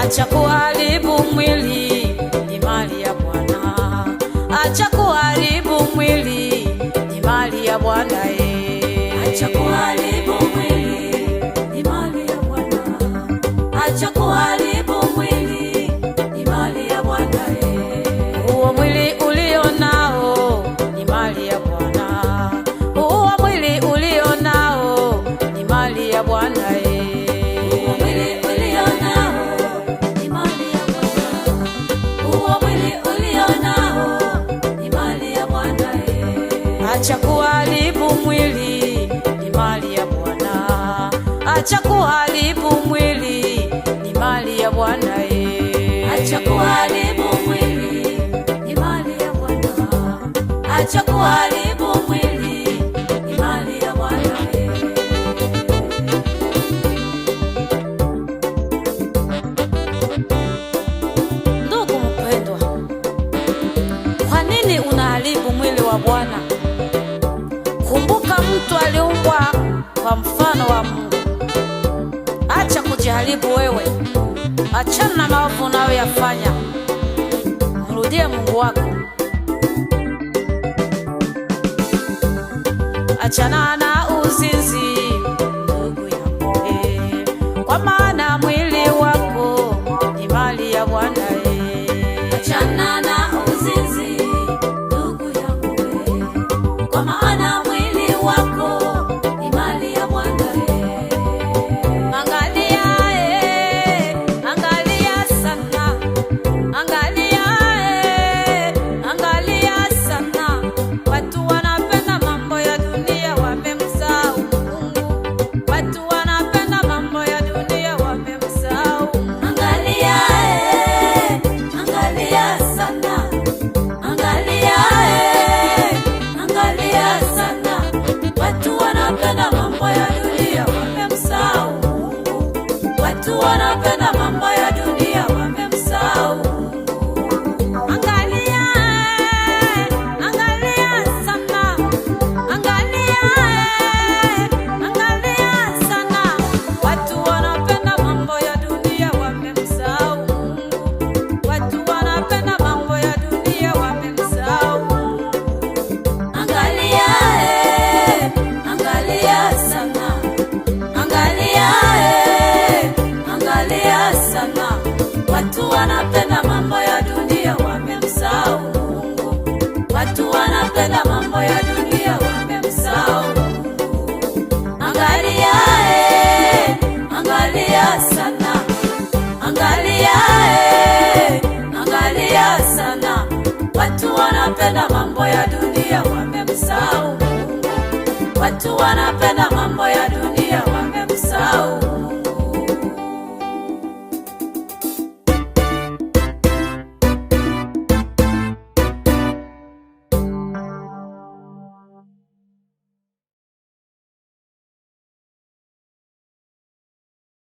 Acha kuharibu mwili, ni mali ya Bwana. Acha kuharibu mwili, ni mali ya Bwana. acha kuharibu mwili, ni mali ya Bwana ye. Acha kuharibu mwili, ni mali ya Bwana. Acha kuharibu mwili, ni mali ya Bwana ye. Ndugu mpendwa, kwa nini unaharibu mwili wa Bwana? Kumbuka mtu aliumbwa kwa mfano wa Mungu kujiharibu wewe, achana na maovu unayoyafanya, mrudie Mungu wako, achana na uzinzi ndugu yangu, eh. kwa maana mwili wako ni mali ya Bwana. Eh. Achana na uzinzi ndugu yangu, eh. kwa maana sana, eh, angalia sana. Watu wanapenda mambo ya dunia, wamemsahau sana, wanapenda mambo ya dunia, wamemsahau Mungu. Watu wanapenda